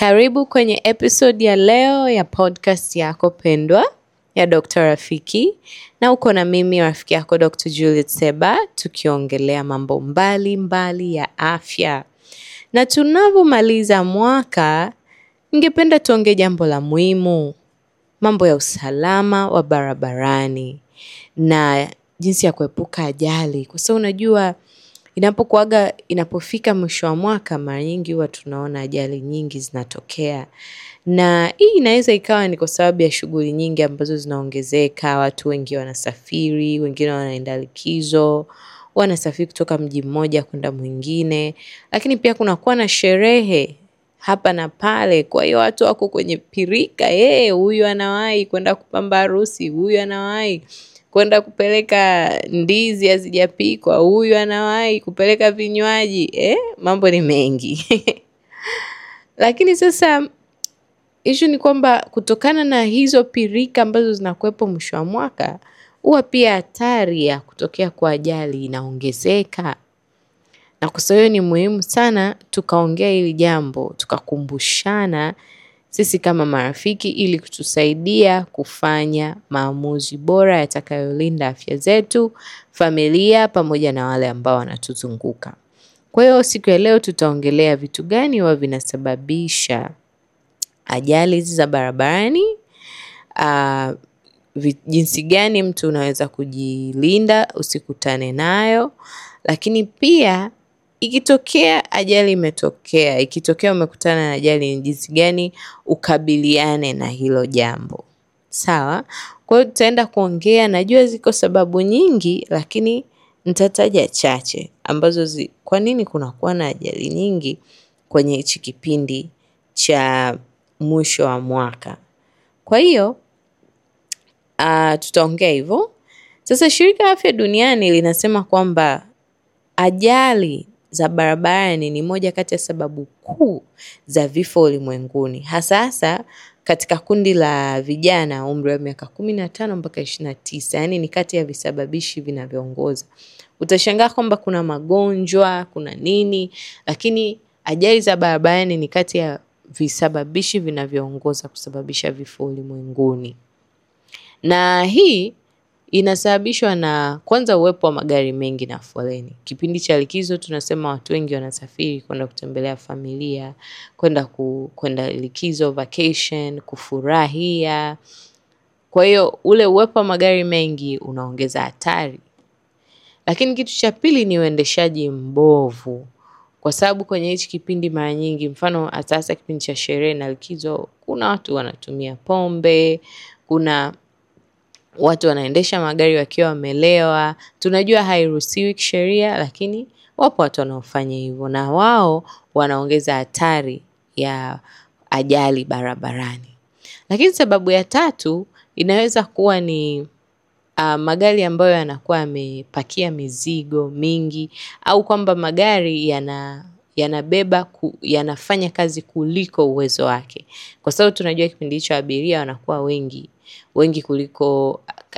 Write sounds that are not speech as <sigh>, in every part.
Karibu kwenye episode ya leo ya podcast yako pendwa ya dr Rafiki, na uko na mimi rafiki yako Dr. Juliet Seba, tukiongelea mambo mbalimbali mbali ya afya. Na tunavyomaliza mwaka, ningependa tuongee jambo la muhimu, mambo ya usalama wa barabarani na jinsi ya kuepuka ajali, kwa sababu unajua inapokuaga inapofika mwisho wa mwaka, mara nyingi huwa tunaona ajali nyingi zinatokea, na hii inaweza ikawa ni kwa sababu ya shughuli nyingi ambazo zinaongezeka. Watu wengi wanasafiri, wengine wanaenda likizo, wanasafiri kutoka mji mmoja kwenda mwingine, lakini pia kunakuwa na sherehe hapa na pale. Kwa hiyo watu wako kwenye pirika, eh, huyu anawahi kwenda kupamba harusi, huyu anawahi kwenda kupeleka ndizi hazijapikwa, huyu anawahi kupeleka vinywaji eh, mambo ni mengi <laughs> lakini sasa ishu ni kwamba kutokana na hizo pirika ambazo zinakuwepo mwisho wa mwaka, huwa pia hatari ya kutokea kwa ajali inaongezeka. Na kwa hiyo ni muhimu sana tukaongea hili jambo, tukakumbushana sisi kama marafiki ili kutusaidia kufanya maamuzi bora yatakayolinda afya zetu, familia pamoja na wale ambao wanatuzunguka. Kwa hiyo siku ya leo tutaongelea vitu gani huwa vinasababisha ajali hizi za barabarani, uh, jinsi gani mtu unaweza kujilinda usikutane nayo, lakini pia ikitokea ajali imetokea, ikitokea umekutana na ajali, ni jinsi gani ukabiliane na hilo jambo. Sawa, kwa hiyo tutaenda kuongea, najua ziko sababu nyingi, lakini nitataja chache ambazo zi, kwa nini kunakuwa na ajali nyingi kwenye hichi kipindi cha mwisho wa mwaka. Kwa hiyo uh, tutaongea hivyo. Sasa shirika la afya duniani linasema kwamba ajali za barabarani ni moja kati ya sababu kuu za vifo ulimwenguni, hasa hasa katika kundi la vijana umri wa miaka kumi na tano mpaka ishirini na tisa yaani ni kati ya visababishi vinavyoongoza. Utashangaa kwamba kuna magonjwa, kuna nini, lakini ajali za barabarani ni kati ya visababishi vinavyoongoza kusababisha vifo ulimwenguni. Na hii inasababishwa na kwanza uwepo wa magari mengi na foleni. Kipindi cha likizo tunasema watu wengi wanasafiri kwenda kutembelea familia, kwenda ku, kwenda likizo vacation, kufurahia. Kwa hiyo ule uwepo wa magari mengi unaongeza hatari. Lakini kitu cha pili ni uendeshaji mbovu, kwa sababu kwenye hichi kipindi mara nyingi, mfano hasa kipindi cha sherehe na likizo, kuna watu wanatumia pombe, kuna watu wanaendesha magari wakiwa wamelewa. Tunajua hairuhusiwi kisheria, lakini wapo watu wanaofanya hivyo, na wao wanaongeza hatari ya ajali barabarani. Lakini sababu ya tatu inaweza kuwa ni uh, magari ambayo yanakuwa yamepakia mizigo mingi au kwamba magari yana yanabeba ku, yanafanya kazi kuliko uwezo wake, kwa sababu tunajua kipindi hicho abiria wanakuwa wengi wengi kuliko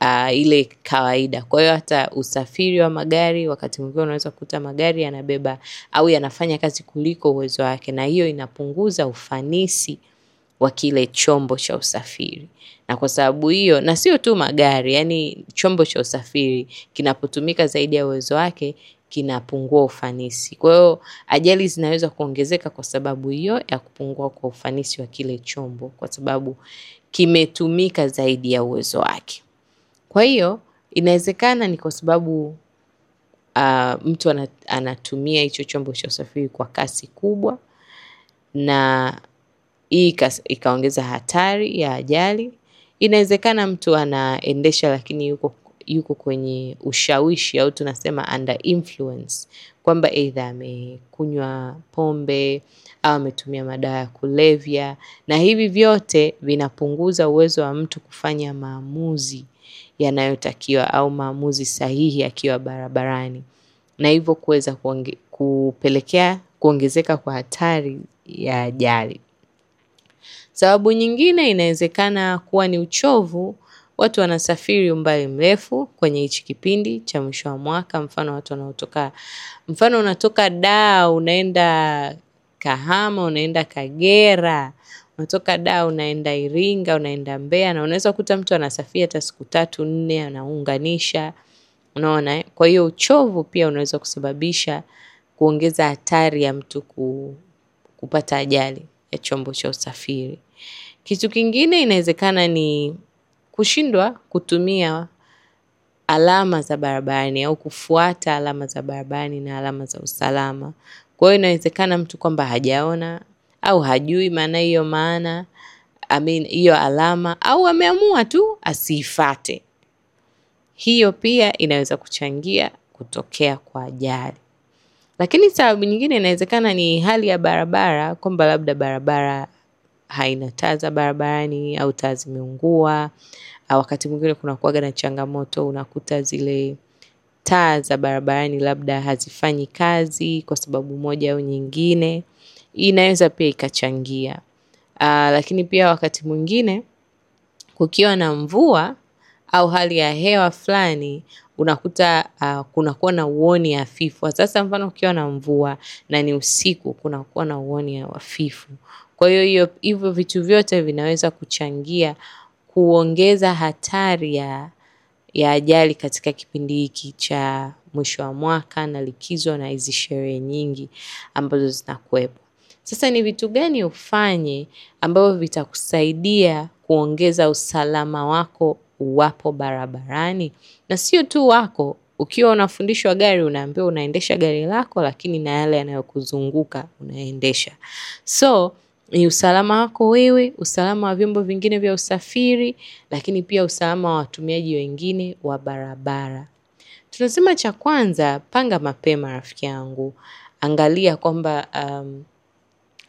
uh, ile kawaida. Kwa hiyo hata usafiri wa magari wakati mwingine unaweza kukuta magari yanabeba au yanafanya kazi kuliko uwezo wake, na hiyo inapunguza ufanisi wa kile chombo cha usafiri. Na kwa sababu hiyo, na sio tu magari, yani chombo cha usafiri kinapotumika zaidi ya uwezo wake kinapungua ufanisi. Kwa hiyo ajali zinaweza kuongezeka kwa sababu hiyo ya kupungua kwa ufanisi wa kile chombo, kwa sababu kimetumika zaidi ya uwezo wake. Kwa hiyo inawezekana ni kwa sababu uh, mtu anatumia hicho chombo cha usafiri kwa kasi kubwa na hii ikaongeza hatari ya ajali. Inawezekana mtu anaendesha lakini yuko yuko kwenye ushawishi au tunasema under influence kwamba aidha amekunywa pombe au ametumia madawa ya kulevya, na hivi vyote vinapunguza uwezo wa mtu kufanya maamuzi yanayotakiwa au maamuzi sahihi akiwa barabarani, na hivyo kuweza kupelekea kuongezeka kwa hatari ya ajali. Sababu nyingine inawezekana kuwa ni uchovu. Watu wanasafiri umbali mrefu kwenye hichi kipindi cha mwisho wa mwaka, mfano watu wanaotoka, mfano unatoka Dar unaenda Kahama, unaenda Kagera, unatoka Dar unaenda Iringa, unaenda Mbeya, na unaweza kukuta mtu anasafiri hata siku tatu nne, anaunganisha. Unaona, kwa hiyo uchovu pia unaweza kusababisha kuongeza hatari ya mtu kupata ajali ya chombo cha usafiri. Kitu kingine inawezekana ni kushindwa kutumia alama za barabarani au kufuata alama za barabarani na alama za usalama. Kwa hiyo inawezekana mtu kwamba hajaona au hajui maana hiyo maana I mean hiyo alama au ameamua tu asiifate. Hiyo pia inaweza kuchangia kutokea kwa ajali. Lakini sababu nyingine inawezekana ni hali ya barabara, kwamba labda barabara haina taa za barabarani au taa zimeungua. Wakati mwingine kuwaga na changamoto, unakuta zile taa za barabarani labda hazifanyi kazi kwa sababu moja au nyingine, inaweza pia ikachangia. Ah, lakini pia wakati mwingine kukiwa na mvua au hali ya hewa fulani unakuta uh, kunakuwa na uoni hafifu. Sasa mfano ukiwa na mvua na ni usiku, kunakuwa na uoni hafifu. Kwa hiyo hivyo vitu vyote vinaweza kuchangia kuongeza hatari ya ya ajali katika kipindi hiki cha mwisho wa mwaka na likizo na hizi sherehe nyingi ambazo zinakuwepo. Sasa ni vitu gani ufanye ambavyo vitakusaidia kuongeza usalama wako wapo barabarani, na sio tu wako. Ukiwa unafundishwa gari, unaambiwa unaendesha gari lako, lakini na yale yanayokuzunguka unaendesha. So ni usalama wako wewe, usalama wa vyombo vingine vya usafiri, lakini pia usalama wa watumiaji wengine wa barabara. Tunasema cha kwanza, panga mapema, rafiki yangu, angalia kwamba um,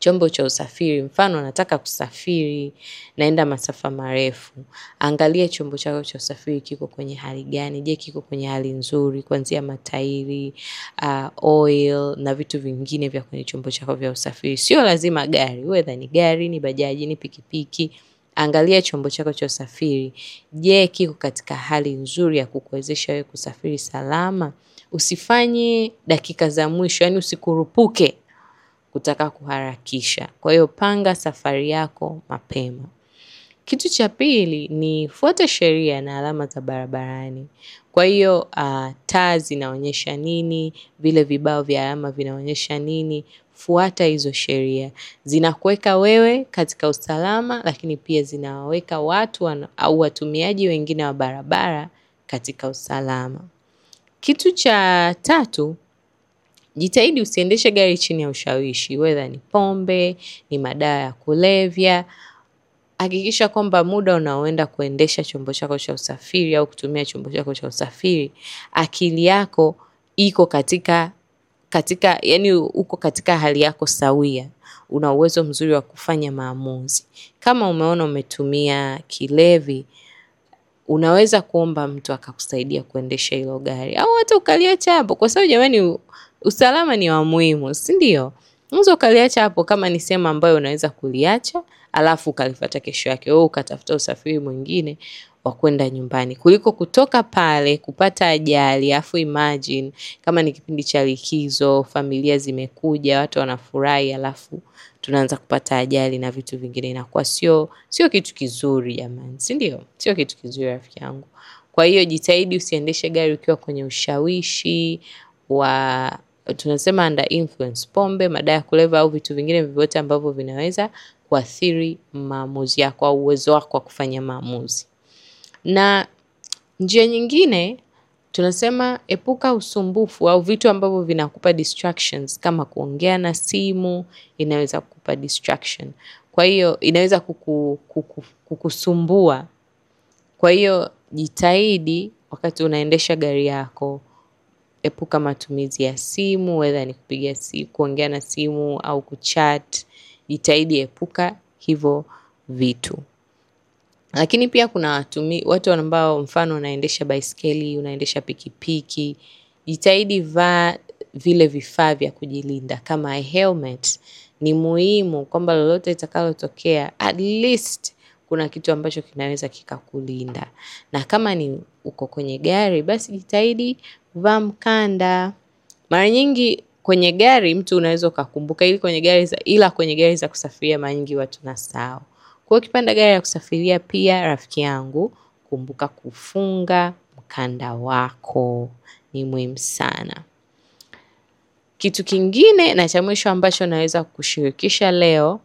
chombo cha usafiri, mfano nataka kusafiri naenda masafa marefu, angalia chombo chako cha usafiri kiko kwenye hali gani. Je, kiko kwenye hali nzuri, kuanzia matairi, uh, oil na vitu vingine vya kwenye chombo chako vya usafiri. Sio lazima gari, whether ni gari, ni bajaji, ni pikipiki Angalia chombo chako cha usafiri. Je, kiko katika hali nzuri ya kukuwezesha wewe kusafiri salama? Usifanye dakika za mwisho, yani usikurupuke kutaka kuharakisha. Kwa hiyo panga safari yako mapema. Kitu cha pili ni fuata sheria na alama za barabarani. Kwa hiyo uh, taa zinaonyesha nini, vile vibao vya alama vinaonyesha nini. Fuata hizo sheria, zinakuweka wewe katika usalama, lakini pia zinawaweka watu au watumiaji wengine wa barabara katika usalama. Kitu cha tatu Jitahidi usiendeshe gari chini ya ushawishi, wedha ni pombe, ni madawa ya kulevya. Hakikisha kwamba muda unaoenda kuendesha chombo chako cha usafiri au kutumia chombo chako cha usafiri, akili yako iko katika katika yani, uko katika hali yako sawia, una uwezo mzuri wa kufanya maamuzi. Kama umeona umetumia kilevi, unaweza kuomba mtu akakusaidia kuendesha hilo gari, au hata ukaliacha hapo, kwa sababu jamani, usalama ni wa muhimu, si ndio? Unaweza ukaliacha hapo kama ni sehemu ambayo unaweza kuliacha, alafu ukalifata kesho yake wewe ukatafuta usafiri mwingine wa kwenda nyumbani kuliko kutoka pale kupata ajali. Afu imagine kama ni kipindi cha likizo, familia zimekuja, watu wanafurahi, alafu tunaanza kupata ajali na vitu vingine, inakuwa sio sio kitu kizuri jamani, si ndio? Sio kitu kizuri rafiki yangu. Kwa hiyo jitahidi usiendeshe gari ukiwa kwenye ushawishi wa tunasema under influence, pombe, madawa ya kuleva au vitu vingine vyovyote ambavyo vinaweza kuathiri maamuzi yako au uwezo wako wa kufanya maamuzi. Na njia nyingine tunasema epuka usumbufu au vitu ambavyo vinakupa distractions, kama kuongea na simu inaweza kukupa distraction, kwa hiyo inaweza kuku, kuku, kukusumbua. Kwa hiyo jitahidi wakati unaendesha gari yako epuka matumizi ya simu, wedha ni kupiga simu, kuongea na simu au kuchat. Jitahidi epuka hivyo vitu. Lakini pia kuna watumi, watu ambao mfano unaendesha baiskeli, unaendesha pikipiki, jitahidi vaa vile vifaa vya kujilinda kama helmet. Ni muhimu kwamba lolote itakalotokea at least kuna kitu ambacho kinaweza kikakulinda, na kama ni uko kwenye gari, basi jitahidi vaa mkanda. Mara nyingi kwenye gari mtu unaweza ukakumbuka, ili kwenye gari za ila kwenye gari za kusafiria mara nyingi watu sawa. Kwa hiyo ukipanda gari ya kusafiria pia, rafiki yangu, kumbuka kufunga mkanda wako, ni muhimu sana. Kitu kingine na cha mwisho ambacho naweza kushirikisha leo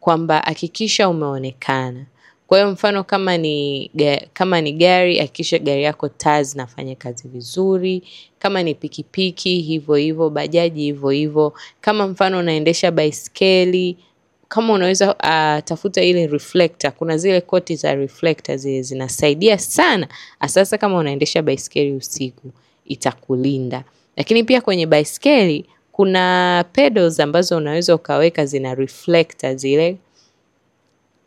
kwamba hakikisha umeonekana. Kwa hiyo mfano kama ni kama ni gari, hakikisha gari yako taa zinafanya kazi vizuri. Kama ni pikipiki hivyo hivyo, bajaji hivyo hivyo. Kama mfano unaendesha baiskeli, kama unaweza uh, tafuta ile reflector. Kuna zile koti za reflector zile zinasaidia sana, asasa kama unaendesha baiskeli usiku, itakulinda. Lakini pia kwenye baiskeli kuna pedals ambazo unaweza ukaweka zina reflector zile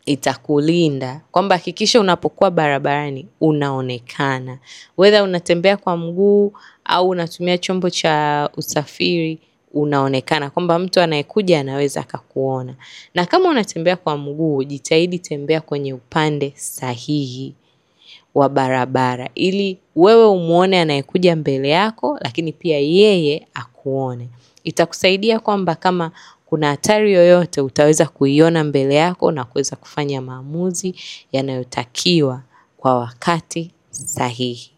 itakulinda kwamba hakikisha unapokuwa barabarani unaonekana, wedha unatembea kwa mguu au unatumia chombo cha usafiri unaonekana kwamba mtu anayekuja anaweza akakuona. Na kama unatembea kwa mguu, jitahidi tembea kwenye upande sahihi wa barabara, ili wewe umwone anayekuja mbele yako, lakini pia yeye akuone. Itakusaidia kwamba kama kuna hatari yoyote utaweza kuiona mbele yako na kuweza kufanya maamuzi yanayotakiwa kwa wakati sahihi.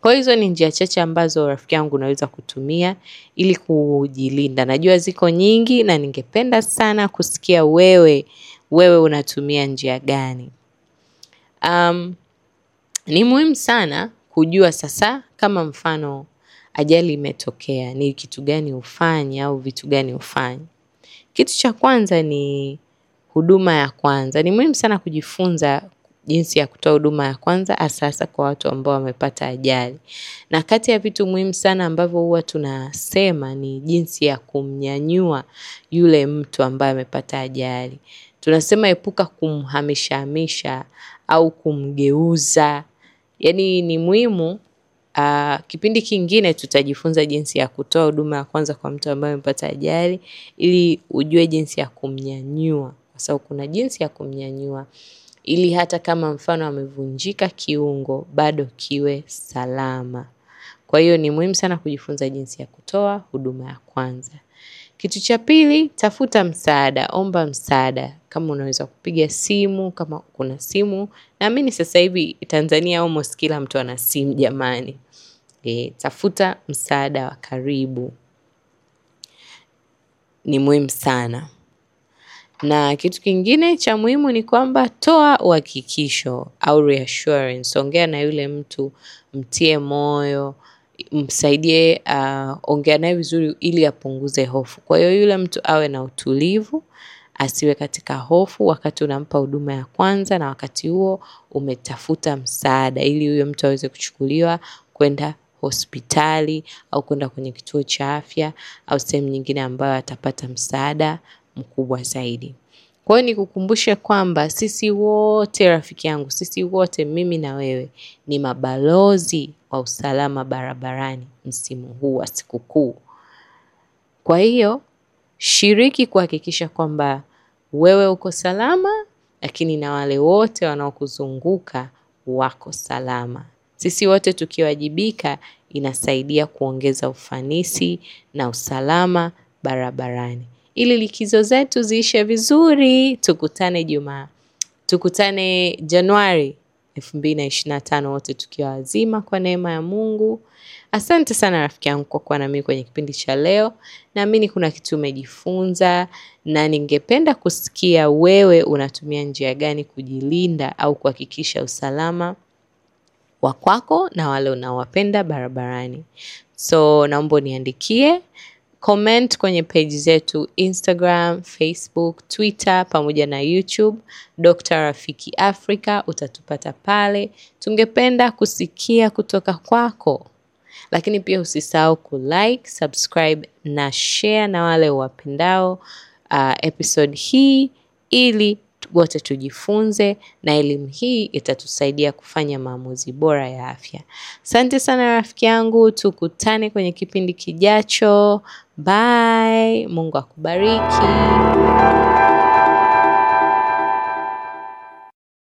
Kwa hizo ni njia chache ambazo rafiki yangu unaweza kutumia ili kujilinda. Najua ziko nyingi na ningependa sana kusikia wewe wewe unatumia njia gani. Um, ni muhimu sana kujua sasa kama mfano ajali imetokea ni kitu gani ufanye au vitu gani ufanye. Kitu cha kwanza ni huduma ya kwanza. Ni muhimu sana kujifunza jinsi ya kutoa huduma ya kwanza hasa hasa kwa watu ambao wamepata ajali. Na kati ya vitu muhimu sana ambavyo huwa tunasema ni jinsi ya kumnyanyua yule mtu ambaye amepata ajali. Tunasema epuka kumhamishahamisha au kumgeuza. Yaani ni muhimu Uh, kipindi kingine tutajifunza jinsi ya kutoa huduma ya kwanza kwa mtu ambaye amepata ajali ili ujue jinsi ya kumnyanyua, kwa sababu kuna jinsi ya kumnyanyua ili hata kama mfano amevunjika kiungo bado kiwe salama. Kwa hiyo ni muhimu sana kujifunza jinsi ya kutoa huduma ya kwanza. Kitu cha pili, tafuta msaada, omba msaada, kama unaweza kupiga simu, kama kuna simu. Naamini sasa hivi Tanzania almost kila mtu ana simu jamani. E, tafuta msaada wa karibu, ni muhimu sana. Na kitu kingine cha muhimu ni kwamba toa uhakikisho au reassurance. Ongea na yule mtu, mtie moyo msaidie, uh, ongea naye vizuri ili apunguze hofu. Kwa hiyo yule mtu awe na utulivu, asiwe katika hofu wakati unampa huduma ya kwanza, na wakati huo umetafuta msaada ili huyo mtu aweze kuchukuliwa kwenda hospitali au kwenda kwenye kituo cha afya au sehemu nyingine ambayo atapata msaada mkubwa zaidi. Kwa hiyo nikukumbushe kwamba sisi wote rafiki yangu, sisi wote mimi na wewe ni mabalozi wa usalama barabarani msimu huu wa sikukuu. Kwa hiyo shiriki kuhakikisha kwamba wewe uko salama, lakini na wale wote wanaokuzunguka wako salama. Sisi wote tukiwajibika, inasaidia kuongeza ufanisi na usalama barabarani ili likizo zetu ziishe vizuri. Tukutane Jumaa, tukutane Januari 2025 wote tukiwa wazima kwa neema ya Mungu. Asante sana rafiki yangu kwa kuwa nami kwenye kipindi cha leo. Naamini kuna kitu umejifunza, na ningependa kusikia wewe unatumia njia gani kujilinda au kuhakikisha usalama wa kwako na wale unaowapenda barabarani. So naomba uniandikie Comment kwenye page zetu Instagram, Facebook, Twitter pamoja na YouTube Dr. Rafiki Africa, utatupata pale. Tungependa kusikia kutoka kwako, lakini pia usisahau kulike, subscribe na share na wale wapendao uh, episode hii ili wote tujifunze, na elimu hii itatusaidia kufanya maamuzi bora ya afya. Asante sana rafiki yangu, tukutane kwenye kipindi kijacho. Bye, Mungu akubariki.